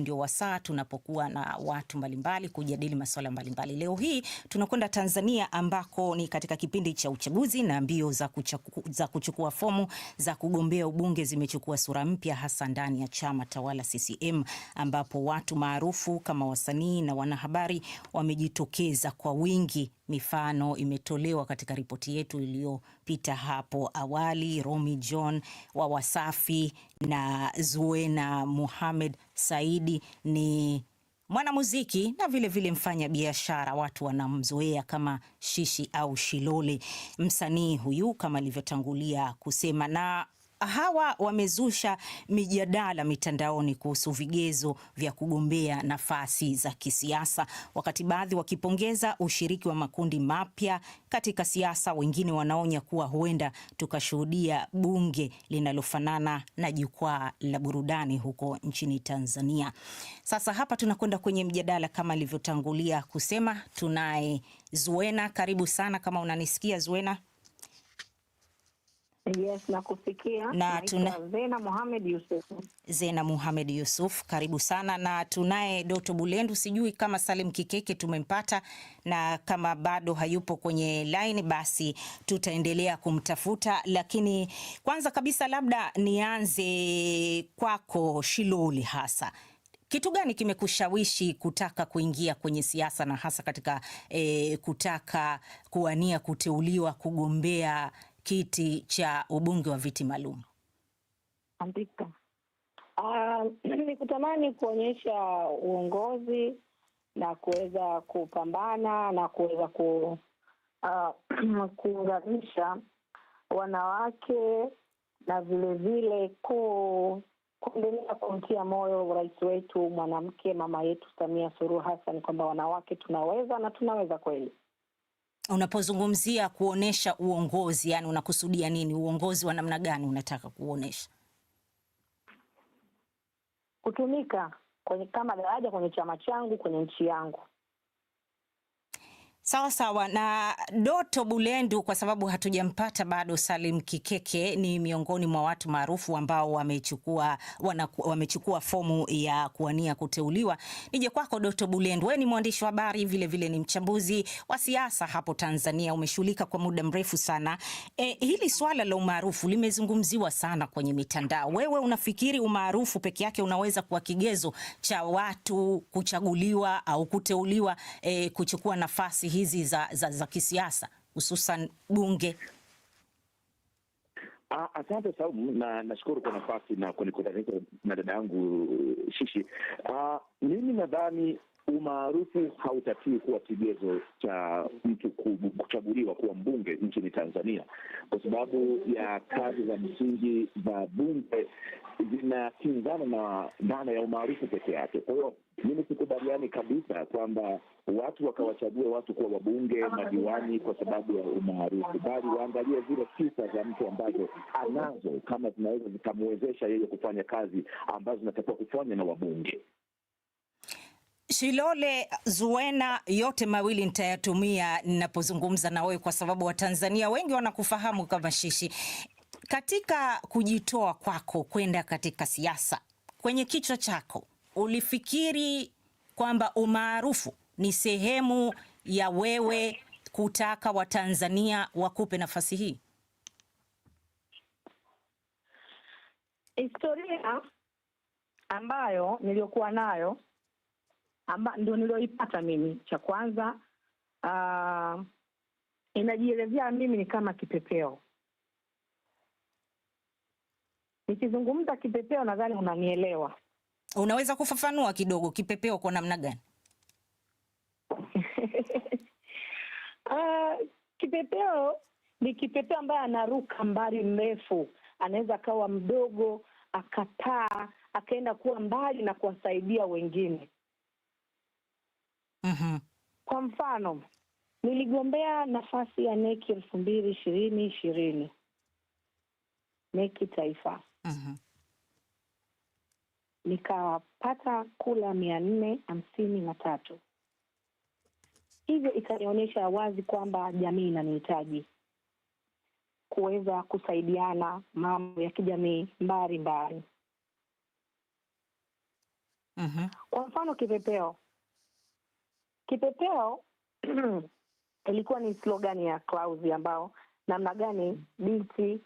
Ndio wasaa tunapokuwa na watu mbalimbali kujadili masuala mbalimbali. Leo hii tunakwenda Tanzania ambako ni katika kipindi cha uchaguzi na mbio za, kuchaku, za kuchukua fomu za kugombea ubunge zimechukua sura mpya, hasa ndani ya chama tawala CCM, ambapo watu maarufu kama wasanii na wanahabari wamejitokeza kwa wingi mifano imetolewa katika ripoti yetu iliyopita hapo awali. Romi John wa Wasafi na Zuena muhamed Saidi ni mwanamuziki na vilevile vile mfanya biashara, watu wanamzoea kama Shishi au Shilole. Msanii huyu kama alivyotangulia kusema na hawa wamezusha mijadala mitandaoni kuhusu vigezo vya kugombea nafasi za kisiasa, wakati baadhi wakipongeza ushiriki wa makundi mapya katika siasa, wengine wanaonya kuwa huenda tukashuhudia bunge linalofanana na jukwaa la burudani huko nchini Tanzania. Sasa hapa tunakwenda kwenye mjadala kama alivyotangulia kusema, tunaye Zuena. Karibu sana kama unanisikia Zuena. Yes, kufikia Na tuna... Zena Muhammad Yusuf. Zena Muhammad Yusuf, karibu sana na tunaye Doto Bulendu, sijui kama Salim Kikeke tumempata na kama bado hayupo kwenye line basi tutaendelea kumtafuta, lakini kwanza kabisa labda nianze kwako Shiloli, hasa kitu gani kimekushawishi kutaka kuingia kwenye siasa na hasa katika e, kutaka kuwania kuteuliwa kugombea kiti cha ubunge wa viti maalum? Ah, Ni kutamani kuonyesha uongozi na kuweza kupambana na kuweza ku uh, kuunganisha wanawake na vilevile ku kuendelea kumtia moyo rais wetu mwanamke mama yetu Samia Suluhu Hassan kwamba wanawake tunaweza na tunaweza kweli. Unapozungumzia kuonesha uongozi, yani unakusudia nini? Uongozi wa namna gani unataka kuonesha? Kutumika kwenye kama daraja kwenye chama changu, kwenye nchi yangu. Sawa sawa na Doto Bulendu, kwa sababu hatujampata bado. Salim Kikeke ni miongoni mwa watu maarufu ambao wamechukua wamechukua fomu ya kuwania kuteuliwa. Nije kwako Doto Bulendu, wewe ni mwandishi wa habari vile vile ni mchambuzi wa siasa hapo Tanzania, umeshughulika kwa muda mrefu sana. E, hili swala la umaarufu limezungumziwa sana kwenye mitandao. Wewe unafikiri umaarufu peke yake unaweza kuwa kigezo cha watu kuchaguliwa au kuteuliwa, e, kuchukua nafasi hii hizi za, za, za kisiasa hususan bunge? Ah, asante Saumu, na nashukuru kwa nafasi na kunikutanisha na dada yangu eh, Shishi. Ah, mimi nadhani umaarufu hautakiwi kuwa kigezo cha mtu kuchaguliwa kuwa mbunge nchini Tanzania kwa sababu ya kazi za msingi za bunge zinakinzana na dhana ya umaarufu peke yake. Kwa hiyo mimi sikubaliani kabisa kwamba watu wakawachagua watu kuwa wabunge, madiwani kwa sababu ya umaarufu, bali waangalie zile sifa za mtu ambazo anazo, kama zinaweza zikamwezesha yeye kufanya kazi ambazo zinatakiwa kufanya na wabunge. Shilole zuena yote mawili nitayatumia ninapozungumza na wewe, kwa sababu Watanzania wengi wanakufahamu kama Shishi. Katika kujitoa kwako kwenda katika siasa, kwenye kichwa chako ulifikiri kwamba umaarufu ni sehemu ya wewe kutaka Watanzania wakupe nafasi hii? Historia ambayo niliyokuwa nayo amba ndio nilioipata mimi. Cha kwanza uh, ah, inajielezea mimi ni kama kipepeo. Nikizungumza kipepeo, nadhani unanielewa. Unaweza kufafanua kidogo kipepeo kwa namna gani? Uh, kipepeo ni kipepeo ambaye anaruka mbali mrefu, anaweza akawa mdogo, akataa, akaenda kuwa mbali na kuwasaidia wengine. Mm-hmm. Kwa mfano niligombea nafasi ya neki elfu mbili ishirini ishirini neki taifa. Mm-hmm. Nikapata kula mia nne hamsini na tatu. Hivyo ikanionyesha wazi kwamba jamii inanihitaji kuweza kusaidiana mambo ya kijamii mbalimbali. Mm-hmm. Kwa mfano kipepeo Kipepeo ilikuwa ni slogan ya Klausi, ambao namna gani binti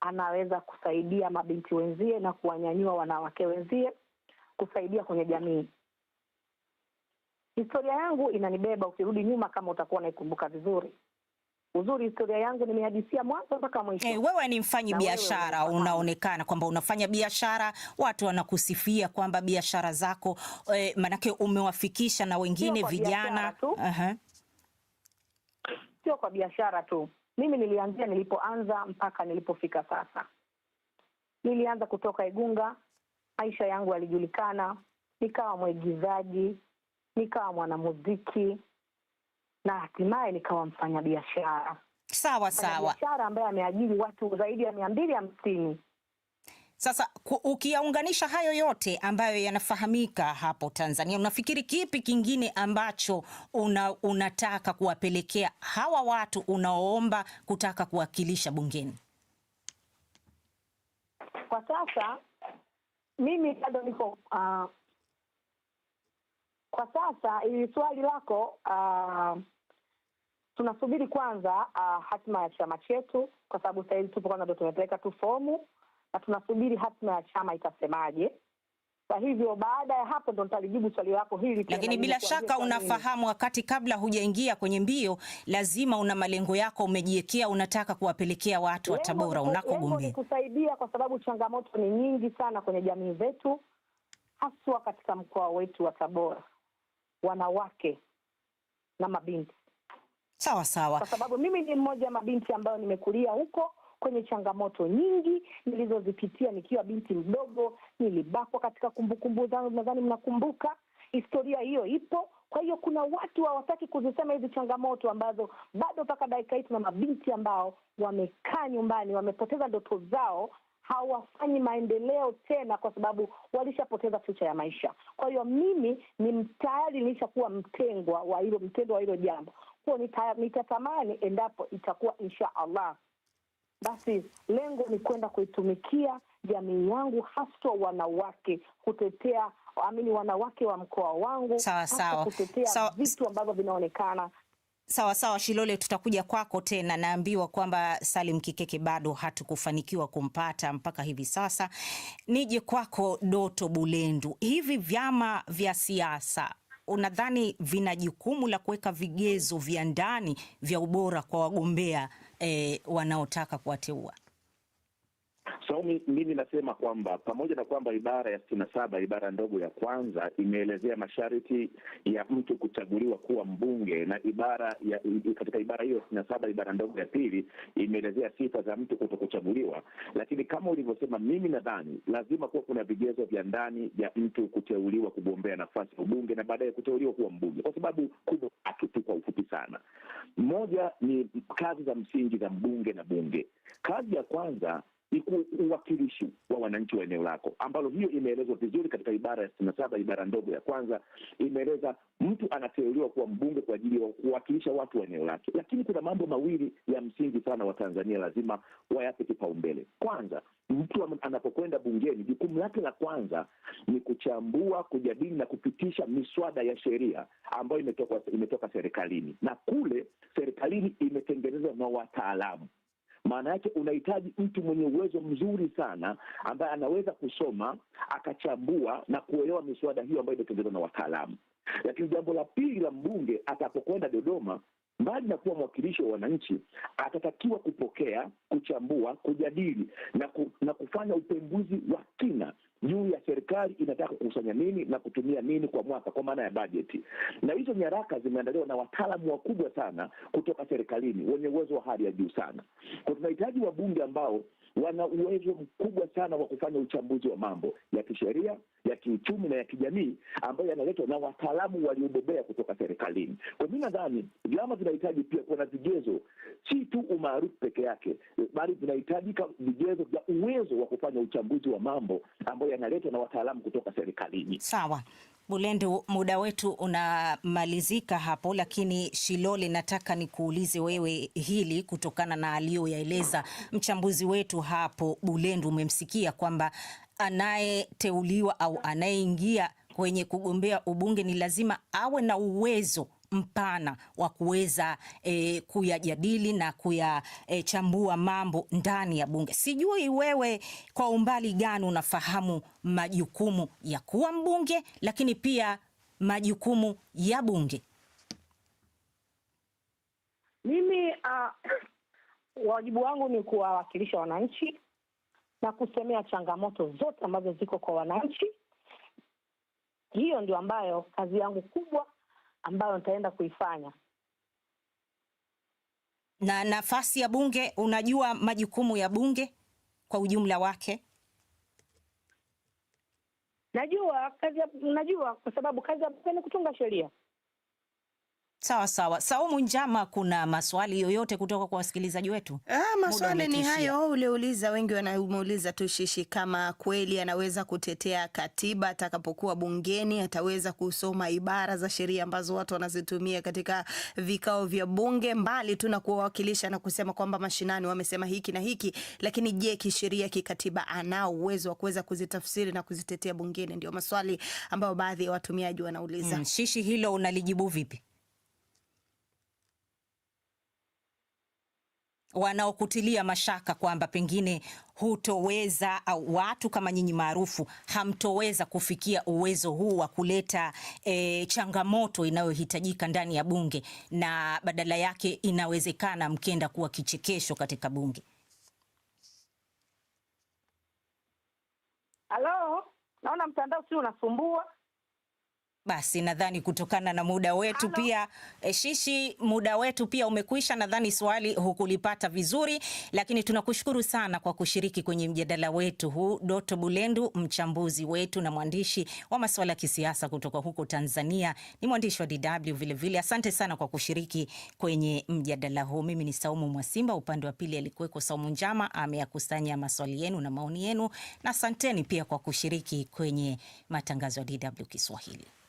anaweza kusaidia mabinti wenzie na kuwanyanyua wanawake wenzie kusaidia kwenye jamii. Historia yangu inanibeba, ukirudi nyuma kama utakuwa unaikumbuka vizuri. Uzuri historia yangu nimehadisia mwanzo mpaka mwisho. Hey, eh, wewe ni mfanyi biashara, unaonekana kwamba unafanya biashara, watu wanakusifia kwamba biashara zako eh, manake umewafikisha na wengine vijana. Sio kwa biashara tu. Uh -huh. Biashara tu mimi nilianzia nilipoanza mpaka nilipofika sasa. Nilianza kutoka Igunga, maisha yangu yalijulikana, nikawa mwigizaji, nikawa mwanamuziki na hatimaye nikawa mfanyabiashara. Sawa sawa, biashara ambaye ameajiri watu zaidi ya mia mbili hamsini. Sasa ukiyaunganisha hayo yote ambayo yanafahamika hapo Tanzania, unafikiri kipi kingine ambacho una, unataka kuwapelekea hawa watu unaoomba kutaka kuwakilisha bungeni? Kwa sasa mimi bado niko uh, kwa sasa ili swali lako, uh, tunasubiri kwanza uh, hatima ya chama chetu, kwa sababu sasa hivi tupo kwanza, ndo tumepeleka tu fomu na tunasubiri hatima ya chama itasemaje. Kwa hivyo baada ya hapo ndo nitalijibu swali lako hili. Lakini bila shaka unafahamu, wakati kabla hujaingia kwenye mbio, lazima una malengo yako umejiwekea, unataka kuwapelekea watu wa Tabora unakogombea. Kusaidia kwa sababu changamoto ni nyingi sana kwenye jamii zetu, haswa katika mkoa wetu wa Tabora wanawake na mabinti. Sawa sawa, kwa sababu mimi ni mmoja wa mabinti ambayo nimekulia huko kwenye changamoto nyingi nilizozipitia nikiwa binti mdogo, nilibakwa katika kumbukumbu zangu. Nadhani mnakumbuka historia hiyo, ipo. Kwa hiyo kuna watu hawataki kuzisema hizi changamoto ambazo bado mpaka dakika hii tuna mabinti ambao wamekaa nyumbani, wamepoteza ndoto zao hawafanyi maendeleo tena, kwa sababu walishapoteza fursa ya maisha. Kwa hiyo mimi ni tayari nilishakuwa mtengwa wa hilo mtendo wa hilo jambo, kwa nitatamani endapo itakuwa insha Allah, basi lengo ni kwenda kuitumikia jamii yangu, haswa wanawake, kutetea amini wanawake wa mkoa wangu, sawa sawa, kutetea sawa, vitu ambavyo vinaonekana Sawa sawa Shilole, tutakuja kwako tena. Naambiwa kwamba Salim Kikeke bado hatukufanikiwa kumpata mpaka hivi sasa. Nije kwako Doto Bulendu, hivi vyama vya siasa unadhani vina jukumu la kuweka vigezo vya ndani vya ubora kwa wagombea e, wanaotaka kuwateua? So mimi nasema kwamba pamoja na kwamba ibara ya sitini na saba ibara ndogo ya kwanza imeelezea masharti ya mtu kuchaguliwa kuwa mbunge na ibara ya, katika ibara hiyo sitini na saba ibara ndogo ya pili imeelezea sifa za mtu kuto kuchaguliwa, lakini kama ulivyosema, mimi nadhani lazima kuwa kuna vigezo vya ndani vya mtu kuteuliwa kugombea nafasi ya ubunge na baadaye kuteuliwa kuwa mbunge, kwa sababu kubwa tatu tu kwa ufupi sana. Moja ni kazi za msingi za mbunge na bunge. Kazi ya kwanza ni uwakilishi wa wananchi wa eneo lako, ambalo hiyo imeelezwa vizuri katika ibara ya sitini na saba ibara ndogo ya kwanza imeeleza mtu anateuliwa kuwa mbunge kwa ajili ya kuwakilisha watu wa eneo lake. Lakini kuna mambo mawili ya msingi sana Watanzania lazima wayape kipaumbele. Kwanza, mtu anapokwenda bungeni, jukumu lake la kwanza ni kuchambua, kujadili na kupitisha miswada ya sheria ambayo imetoka, imetoka serikalini, na kule serikalini imetengenezwa na wataalamu maana yake unahitaji mtu mwenye uwezo mzuri sana ambaye anaweza kusoma akachambua na kuelewa miswada hiyo ambayo imetengezwa na wataalamu. Lakini jambo la pili la mbunge atapokwenda Dodoma, mbali na kuwa mwakilishi wa wananchi, atatakiwa kupokea, kuchambua, kujadili na, ku, na kufanya upembuzi wa kina juu serikali inataka kukusanya nini na kutumia nini kwa mwaka, kwa maana ya bajeti. Na hizo nyaraka zimeandaliwa na wataalamu wakubwa sana kutoka serikalini wenye uwezo wa hali ya juu sana, kwa tunahitaji wabunge ambao wana uwezo mkubwa sana wa kufanya uchambuzi wa mambo ya kisheria ya kiuchumi na ya kijamii ambayo yanaletwa na wataalamu waliobobea kutoka serikalini. Kwa mi nadhani vyama vinahitaji pia kuwa na vigezo, si tu umaarufu peke yake, bali vinahitajika vigezo vya uwezo wa kufanya uchambuzi wa mambo ambayo yanaletwa na wataalamu kutoka serikalini. Sawa. Bulendu, muda wetu unamalizika hapo, lakini Shilole, nataka nikuulize wewe hili kutokana na aliyoyaeleza mchambuzi wetu hapo Bulendu. Umemsikia kwamba anayeteuliwa au anayeingia kwenye kugombea ubunge ni lazima awe na uwezo mpana wa kuweza e, kuyajadili na kuyachambua e, mambo ndani ya bunge. Sijui wewe kwa umbali gani unafahamu majukumu ya kuwa mbunge, lakini pia majukumu ya bunge. Mimi uh, wajibu wangu ni kuwawakilisha wananchi na kusemea changamoto zote ambazo ziko kwa wananchi. Hiyo ndio ambayo kazi yangu kubwa ambayo nitaenda kuifanya. Na nafasi ya bunge, unajua majukumu ya bunge kwa ujumla wake? Najua kazi ya, najua kwa sababu kazi ya bunge ni kutunga sheria. Sawa sawa. Saumu Njama, kuna maswali yoyote kutoka kwa wasikilizaji wetu? Ah, maswali ni hayo uliouliza, wengi wanauliza tu Shishi kama kweli anaweza kutetea katiba atakapokuwa bungeni, ataweza kusoma ibara za sheria ambazo watu wanazitumia katika vikao vya bunge, mbali tu na kuwawakilisha na kusema kwamba mashinani wamesema hiki na hiki, lakini je, kisheria, kikatiba anao uwezo wa kuweza kuzitafsiri na kuzitetea bungeni? Ndio maswali ambayo baadhi ya watumiaji wanauliza. Mm, Shishi, hilo unalijibu vipi? wanaokutilia mashaka kwamba pengine hutoweza au watu kama nyinyi maarufu hamtoweza kufikia uwezo huu wa kuleta e, changamoto inayohitajika ndani ya bunge na badala yake inawezekana mkenda kuwa kichekesho katika bunge. Halo, naona mtandao si unasumbua. Basi nadhani kutokana na muda wetu Halo. Pia e, Shishi, muda wetu pia umekwisha. Nadhani swali hukulipata vizuri, lakini tunakushukuru sana kwa kushiriki kwenye mjadala wetu huu, Doto Bulendu, mchambuzi wetu na mwandishi wa masuala ya kisiasa kutoka huko Tanzania, ni mwandishi wa DW vile vile. Asante sana kwa kushiriki kwenye mjadala huu. Mimi ni Saumu Mwasimba, upande wa pili alikuweko Saumu Njama, ameyakusanya maswali yenu na maoni yenu, na asanteni pia kwa kushiriki kwenye matangazo ya DW Kiswahili.